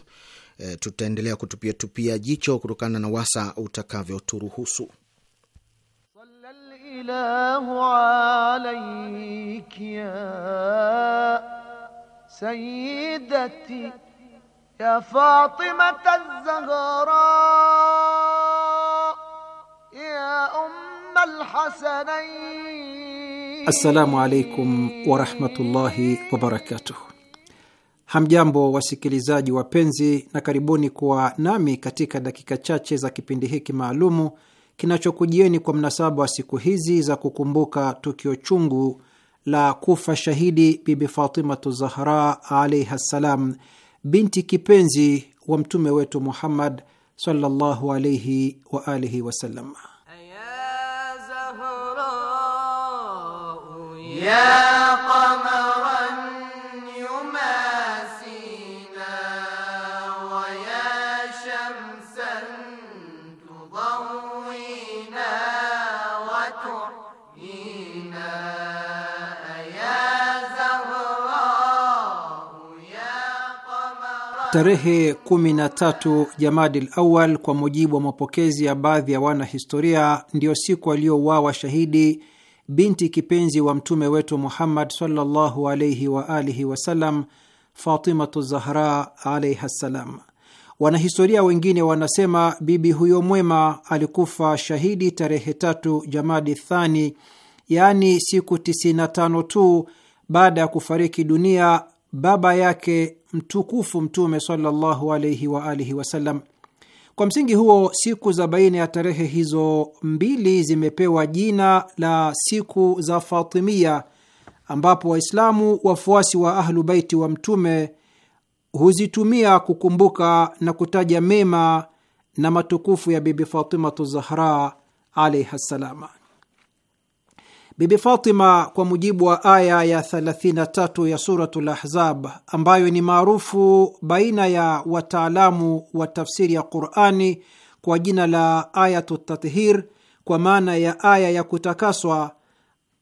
e, tutaendelea kutupia tupia jicho kutokana na wasa utakavyoturuhusu. الله عليك يا سيدتي يا فاطمة الزهراء يا أم الحسنين السلام عليكم ورحمة الله وبركاته Hamjambo wasikilizaji wapenzi, na karibuni kuwa nami katika dakika chache za kipindi hiki maalumu kinachokujieni kwa mnasaba wa siku hizi za kukumbuka tukio chungu la kufa shahidi Bibi Fatimatu Zahra alaihi ssalam, binti kipenzi wa mtume wetu Muhammad sallallahu alaihi wa alihi wasallam. Ya Tarehe 13 Jamadil Awal, kwa mujibu wa mapokezi ya baadhi ya wanahistoria, ndiyo siku aliyouawa shahidi binti kipenzi wa mtume wetu Muhammad sallallahu alaihi wa alihi wasallam, Fatimatu Zahra alaiha ssalam. Wanahistoria wengine wanasema bibi huyo mwema alikufa shahidi tarehe tatu Jamadi Thani, yaani siku 95 tu baada ya kufariki dunia baba yake mtukufu Mtume sallallahu alaihi wa alihi wasallam. Kwa msingi huo, siku za baina ya tarehe hizo mbili zimepewa jina la siku za Fatimia, ambapo Waislamu wafuasi wa Ahlu Baiti wa Mtume huzitumia kukumbuka na kutaja mema na matukufu ya Bibi Fatimatu Zahra alaihi ssalama. Bibi Fatima, kwa mujibu wa aya ya 33 ya Suratul Ahzab ambayo ni maarufu baina ya wataalamu wa tafsiri ya Qurani kwa jina la Ayatu Tathir, kwa maana ya aya ya kutakaswa,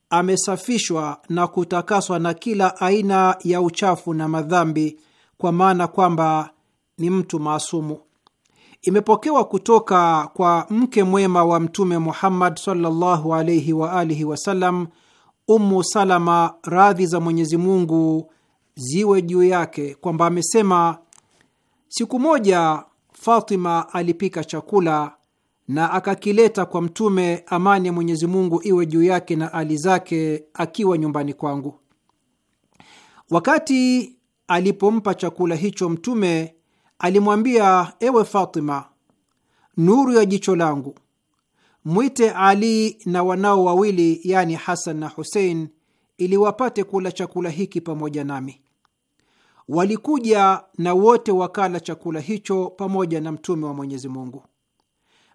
amesafishwa na kutakaswa na kila aina ya uchafu na madhambi, kwa maana kwamba ni mtu maasumu imepokewa kutoka kwa mke mwema wa Mtume Muhammad sallallahu alaihi waalihi wasallam, Salama, radhi za Mwenyezi Mungu ziwe juu yake, kwamba amesema, siku moja Fatima alipika chakula na akakileta kwa Mtume, amani ya Mwenyezi Mungu iwe juu yake na ali zake, akiwa nyumbani kwangu. Wakati alipompa chakula hicho Mtume, alimwambia, ewe Fatima, nuru ya jicho langu, mwite Ali na wanao wawili, yani Hasan na Husein, ili wapate kula chakula hiki pamoja nami. Walikuja na wote wakala chakula hicho pamoja na Mtume wa Mwenyezi Mungu.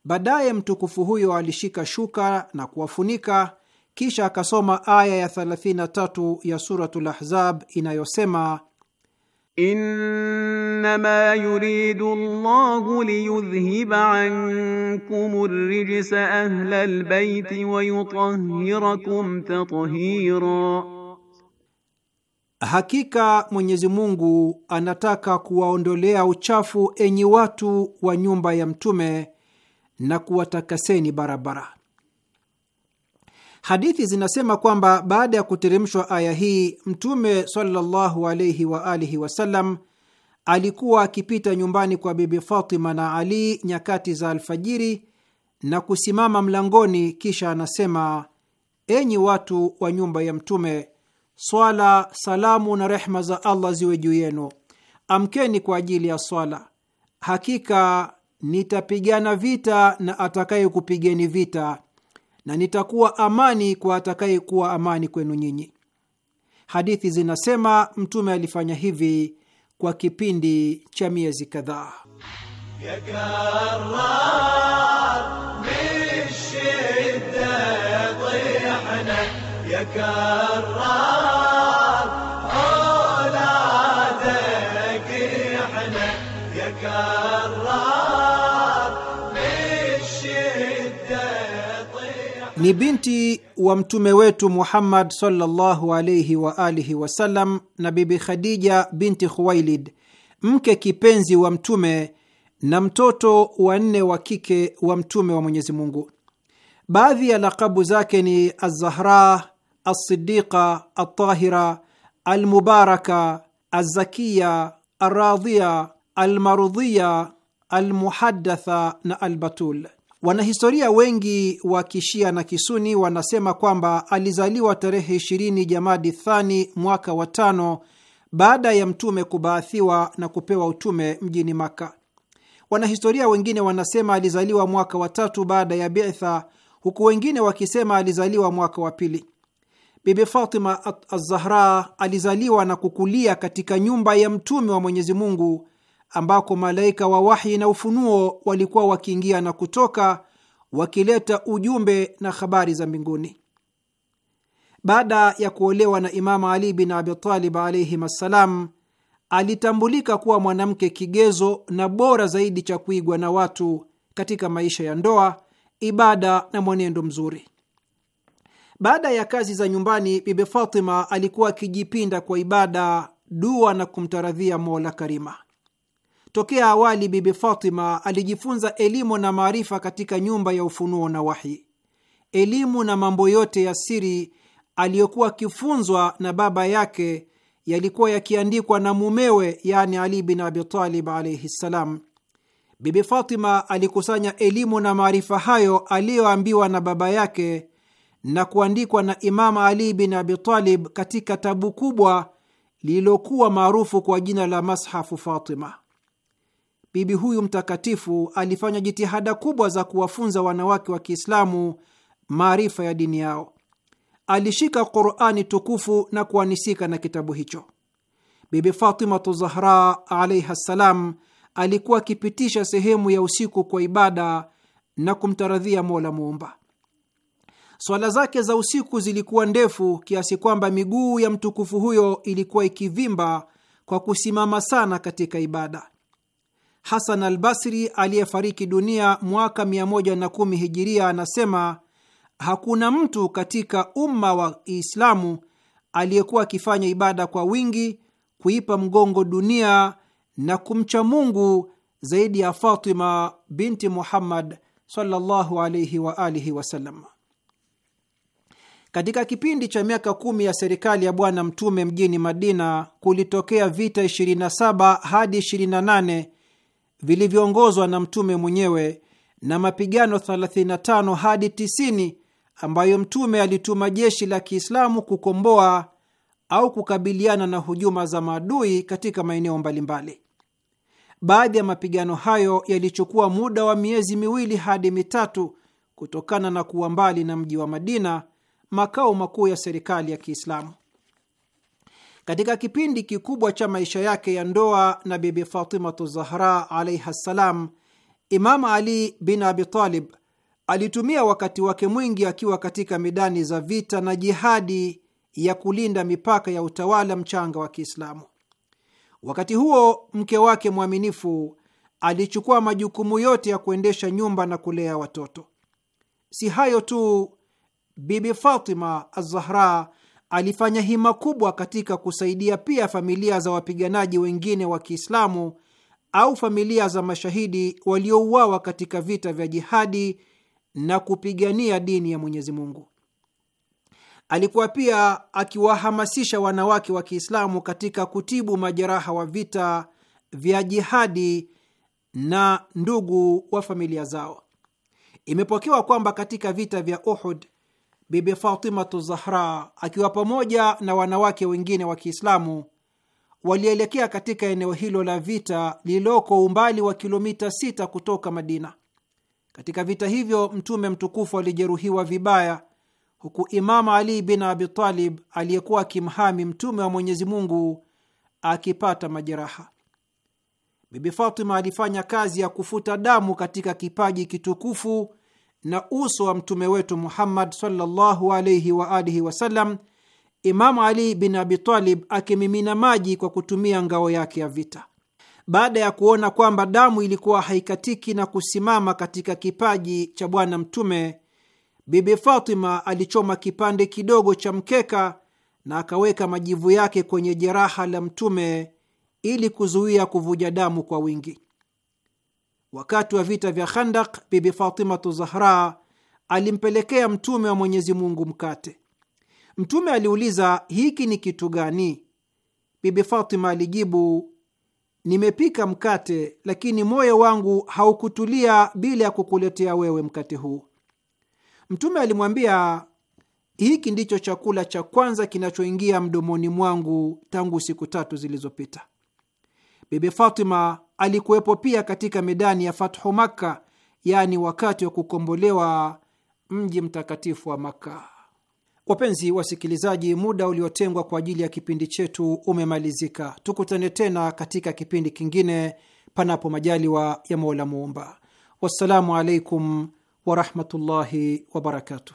Baadaye mtukufu huyo alishika shuka na kuwafunika, kisha akasoma aya ya 33 ya Suratul Ahzab inayosema Innama yuridu Allahu liyudhhiba ankum ar-rijsa ahla al-bayti wa yutahhirakum tathira, hakika Mwenyezi Mungu anataka kuwaondolea uchafu enyi watu wa nyumba ya Mtume na kuwatakaseni barabara. Hadithi zinasema kwamba baada ya kuteremshwa aya hii, Mtume sallallahu alaihi wa alihi wasallam alikuwa akipita nyumbani kwa Bibi Fatima na Ali nyakati za alfajiri na kusimama mlangoni, kisha anasema: enyi watu wa nyumba ya Mtume, swala, salamu na rehma za Allah ziwe juu yenu, amkeni kwa ajili ya swala. Hakika nitapigana vita na atakayekupigeni vita na nitakuwa amani kwa atakayekuwa amani kwenu nyinyi. Hadithi zinasema Mtume alifanya hivi kwa kipindi cha miezi kadhaa. Ni binti wa mtume wetu Muhammad sallallahu alayhi wa alihi wasallam na Bibi Khadija binti Khuwailid, mke kipenzi wa mtume na mtoto wa nne wa kike wa mtume wa Mwenyezi Mungu. Baadhi ya lakabu zake ni Alzahra, Alsidiqa, Altahira, Almubaraka, Alzakiya, Alradhiya, Almarudhiya, Almuhadatha na Albatul. Wanahistoria wengi wa kishia na kisuni wanasema kwamba alizaliwa tarehe 20 Jamadi Thani mwaka wa tano baada ya mtume kubaathiwa na kupewa utume mjini Makka. Wanahistoria wengine wanasema alizaliwa mwaka wa tatu baada ya bitha, huku wengine wakisema alizaliwa mwaka wa pili. Bibi Fatima Az-Zahra alizaliwa na kukulia katika nyumba ya mtume wa Mwenyezi Mungu ambako malaika wa wahi na ufunuo walikuwa wakiingia na kutoka wakileta ujumbe na habari za mbinguni. Baada ya kuolewa na Imamu Ali bin Abitalib alaihim assalam, alitambulika kuwa mwanamke kigezo na bora zaidi cha kuigwa na watu katika maisha ya ndoa, ibada na mwenendo mzuri. Baada ya kazi za nyumbani, Bibi Fatima alikuwa akijipinda kwa ibada, dua na kumtaradhia Mola Karima. Tokea awali, Bibi Fatima alijifunza elimu na maarifa katika nyumba ya ufunuo na wahi. Elimu na mambo yote ya siri aliyokuwa akifunzwa na baba yake yalikuwa yakiandikwa na mumewe, yani Ali bin Abitalib alaihi ssalam. Bibi Fatima alikusanya elimu na maarifa hayo aliyoambiwa na baba yake na kuandikwa na Imamu Ali bin Abitalib katika tabu kubwa lililokuwa maarufu kwa jina la Mashafu Fatima bibi huyu mtakatifu alifanya jitihada kubwa za kuwafunza wanawake wa Kiislamu maarifa ya dini yao. Alishika Qurani tukufu na kuanisika na kitabu hicho. Bibi Fatimatu Zahra alaihi ssalam alikuwa akipitisha sehemu ya usiku kwa ibada na kumtaradhia Mola Muumba. Swala zake za usiku zilikuwa ndefu kiasi kwamba miguu ya mtukufu huyo ilikuwa ikivimba kwa kusimama sana katika ibada. Hasan al Basri aliyefariki dunia mwaka 110 hijiria, anasema hakuna mtu katika umma wa Islamu aliyekuwa akifanya ibada kwa wingi, kuipa mgongo dunia na kumcha Mungu zaidi ya Fatima binti Muhammad sallallahu alayhi wa alihi wasallam. Katika kipindi cha miaka kumi ya serikali ya Bwana Mtume mjini Madina kulitokea vita 27 hadi 28 vilivyoongozwa na mtume mwenyewe na mapigano 35 hadi 90 ambayo mtume alituma jeshi la Kiislamu kukomboa au kukabiliana na hujuma za maadui katika maeneo mbalimbali. Baadhi ya mapigano hayo yalichukua muda wa miezi miwili hadi mitatu kutokana na kuwa mbali na mji wa Madina, makao makuu ya serikali ya Kiislamu. Katika kipindi kikubwa cha maisha yake ya ndoa na Bibi Fatimatu Zahra alaihi ssalam, Imamu Ali bin Abitalib alitumia wakati wake mwingi akiwa katika midani za vita na jihadi ya kulinda mipaka ya utawala mchanga wa Kiislamu. Wakati huo mke wake mwaminifu alichukua majukumu yote ya kuendesha nyumba na kulea watoto. Si hayo tu, Bibi Fatima Azahra alifanya hima kubwa katika kusaidia pia familia za wapiganaji wengine wa Kiislamu au familia za mashahidi waliouawa katika vita vya jihadi na kupigania dini ya Mwenyezi Mungu. Alikuwa pia akiwahamasisha wanawake wa Kiislamu katika kutibu majeraha wa vita vya jihadi na ndugu wa familia zao. Imepokewa kwamba katika vita vya Uhud Bibi Fatimatu Zahra akiwa pamoja na wanawake wengine wa Kiislamu walielekea katika eneo hilo la vita lililoko umbali wa kilomita sita kutoka Madina. Katika vita hivyo Mtume mtukufu alijeruhiwa vibaya, huku Imamu Ali bin Abitalib aliyekuwa akimhami Mtume wa Mwenyezi Mungu akipata majeraha. Bibi Fatima alifanya kazi ya kufuta damu katika kipaji kitukufu na uso wa mtume wetu Muhammad sallallahu alaihi wa alihi wasallam, Imamu Ali bin Abitalib akimimina maji kwa kutumia ngao yake ya vita. Baada ya kuona kwamba damu ilikuwa haikatiki na kusimama katika kipaji cha bwana mtume, Bibi Fatima alichoma kipande kidogo cha mkeka na akaweka majivu yake kwenye jeraha la mtume ili kuzuia kuvuja damu kwa wingi. Wakati wa vita vya Khandak, Bibi Fatimatu Zahra alimpelekea Mtume wa Mwenyezi Mungu mkate. Mtume aliuliza, hiki ni kitu gani? Bibi Fatima alijibu, nimepika mkate, lakini moyo wangu haukutulia bila ya kukuletea wewe mkate huu. Mtume alimwambia, hiki ndicho chakula cha kwanza kinachoingia mdomoni mwangu tangu siku tatu zilizopita. Bibi Fatima alikuwepo pia katika medani ya fathu Makka, yaani wakati wa kukombolewa mji mtakatifu wa Makka. Wapenzi wasikilizaji, muda uliotengwa kwa ajili ya kipindi chetu umemalizika. Tukutane tena katika kipindi kingine, panapo majaliwa ya Mola Muumba. Wassalamu alaikum warahmatullahi wabarakatuh.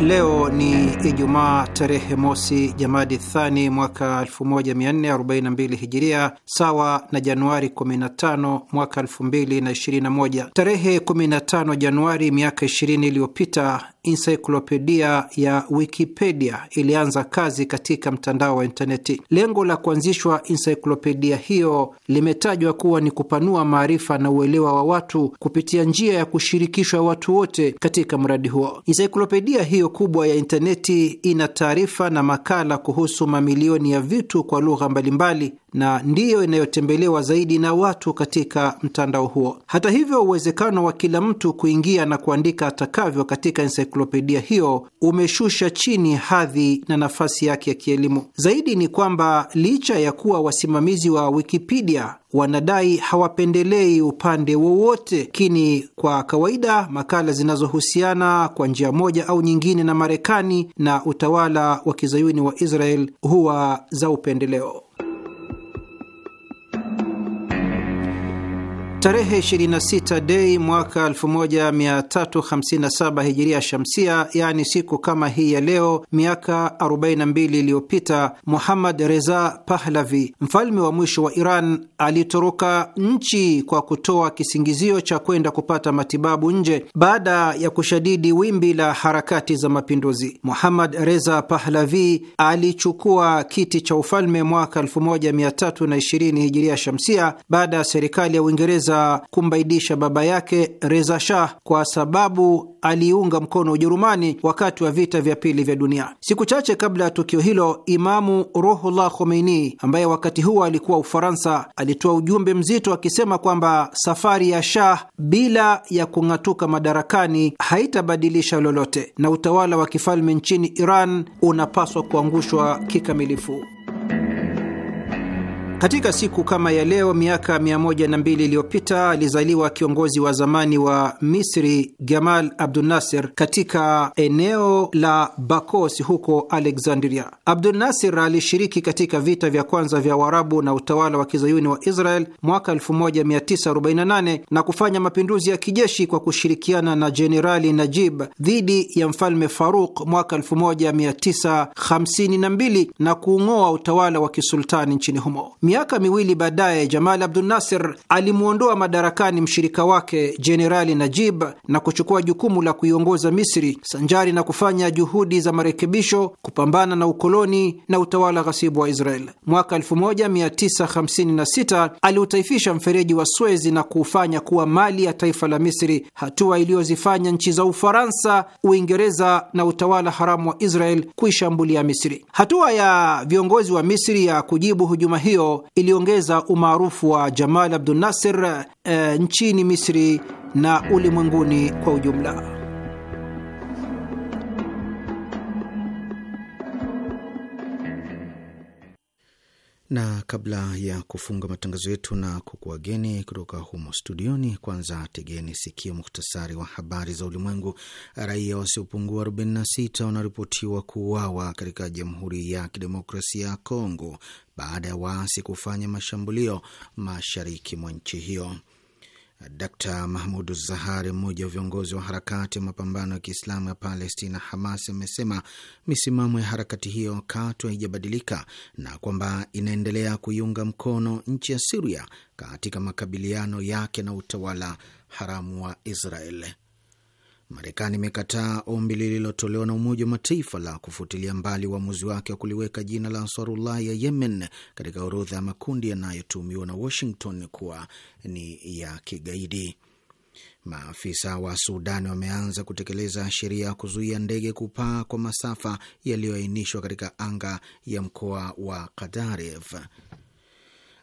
Leo ni Ijumaa tarehe mosi Jamadi Thani mwaka 1442 Hijiria, sawa na Januari 15 mwaka 2021. Tarehe 15 Januari miaka 20 iliyopita, ensiklopedia ya Wikipedia ilianza kazi katika mtandao wa intaneti. Lengo la kuanzishwa ensiklopedia hiyo limetajwa kuwa ni kupanua maarifa na uelewa wa watu kupitia njia ya kushirikishwa watu wote katika mradi huo. Ensiklopedia hiyo redio kubwa ya intaneti ina taarifa na makala kuhusu mamilioni ya vitu kwa lugha mbalimbali na ndiyo inayotembelewa zaidi na watu katika mtandao huo. Hata hivyo, uwezekano wa kila mtu kuingia na kuandika atakavyo katika ensiklopedia hiyo umeshusha chini hadhi na nafasi yake ya kielimu. Zaidi ni kwamba licha ya kuwa wasimamizi wa Wikipedia wanadai hawapendelei upande wowote, lakini kwa kawaida makala zinazohusiana kwa njia moja au nyingine na Marekani na utawala wa kizayuni wa Israel huwa za upendeleo. Tarehe 26 Dei mwaka 1357 hijiria shamsia, yaani siku kama hii ya leo miaka 42 iliyopita, Muhammad Reza Pahlavi, mfalme wa mwisho wa Iran, alitoroka nchi kwa kutoa kisingizio cha kwenda kupata matibabu nje baada ya kushadidi wimbi la harakati za mapinduzi. Muhammad Reza Pahlavi alichukua kiti cha ufalme mwaka 1320 hijiria shamsia baada ya serikali ya Uingereza kuweza kumbaidisha baba yake Reza Shah kwa sababu aliiunga mkono Ujerumani wakati wa vita vya pili vya dunia. Siku chache kabla ya tukio hilo, Imamu Ruhullah Khomeini ambaye wakati huo alikuwa Ufaransa alitoa ujumbe mzito akisema kwamba safari ya Shah bila ya kung'atuka madarakani haitabadilisha lolote na utawala wa kifalme nchini Iran unapaswa kuangushwa kikamilifu. Katika siku kama ya leo miaka 102 iliyopita alizaliwa kiongozi wa zamani wa Misri Gamal Nasir katika eneo la Bakos huko Alexandria. Abdunasir alishiriki katika vita vya kwanza vya Waarabu na utawala wa kizayuni wa Israel mwaka 1948 na kufanya mapinduzi ya kijeshi kwa kushirikiana na Jenerali Najib dhidi ya mfalme Faruk mwaka 1952 na kuung'oa utawala wa kisultani nchini humo. Miaka miwili baadaye, Jamal Abdul Nasir alimwondoa madarakani mshirika wake Jenerali Najib na kuchukua jukumu la kuiongoza Misri sanjari na kufanya juhudi za marekebisho, kupambana na ukoloni na utawala ghasibu wa Israel. Mwaka 1956 aliutaifisha mfereji wa Suezi na kuufanya kuwa mali ya taifa la Misri, hatua iliyozifanya nchi za Ufaransa, Uingereza na utawala haramu wa Israel kuishambulia Misri. Hatua ya viongozi wa Misri ya kujibu hujuma hiyo iliongeza umaarufu wa Jamal Abdunasir e, eh, nchini Misri na ulimwenguni kwa ujumla. na kabla ya kufunga matangazo yetu na kukuageni kutoka humo studioni, kwanza tegeni sikio muhtasari wa habari za ulimwengu. Raia wasiopungua 46 wanaripotiwa kuuawa katika Jamhuri ya Kidemokrasia ya Kongo baada ya waasi kufanya mashambulio mashariki mwa nchi hiyo. Dr Mahmudu Zahari, mmoja wa viongozi wa harakati ya mapambano ya Kiislamu ya Palestina, Hamas, amesema misimamo ya harakati hiyo katu haijabadilika na kwamba inaendelea kuiunga mkono nchi ya Siria katika makabiliano yake na utawala haramu wa Israel. Marekani imekataa ombi lililotolewa na Umoja wa Mataifa la kufutilia mbali uamuzi wake wa kuliweka jina la Ansarullah ya Yemen katika orodha ya makundi yanayotumiwa na Washington kuwa ni ya kigaidi. Maafisa wa Sudani wameanza kutekeleza sheria ya kuzuia ndege kupaa kwa masafa yaliyoainishwa katika anga ya mkoa wa kadarev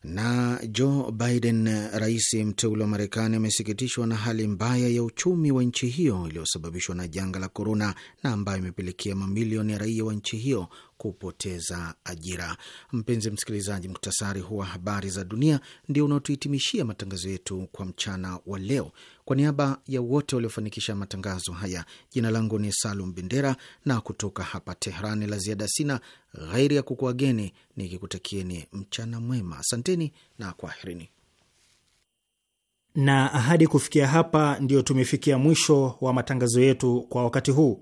na Joe Biden, rais mteule wa Marekani, amesikitishwa na hali mbaya ya uchumi wa nchi hiyo iliyosababishwa na janga la korona na ambayo imepelekea mamilioni ya raia wa nchi hiyo kupoteza ajira. Mpenzi msikilizaji, muktasari huu wa habari za dunia ndio unaotuhitimishia matangazo yetu kwa mchana wa leo. Kwa niaba ya wote waliofanikisha matangazo haya, jina langu ni Salum Bendera na kutoka hapa Tehrani, la ziada sina ghairi ya kukuageni nikikutakieni mchana mwema. Asanteni na kwaherini na ahadi. Kufikia hapa, ndio tumefikia mwisho wa matangazo yetu kwa wakati huu.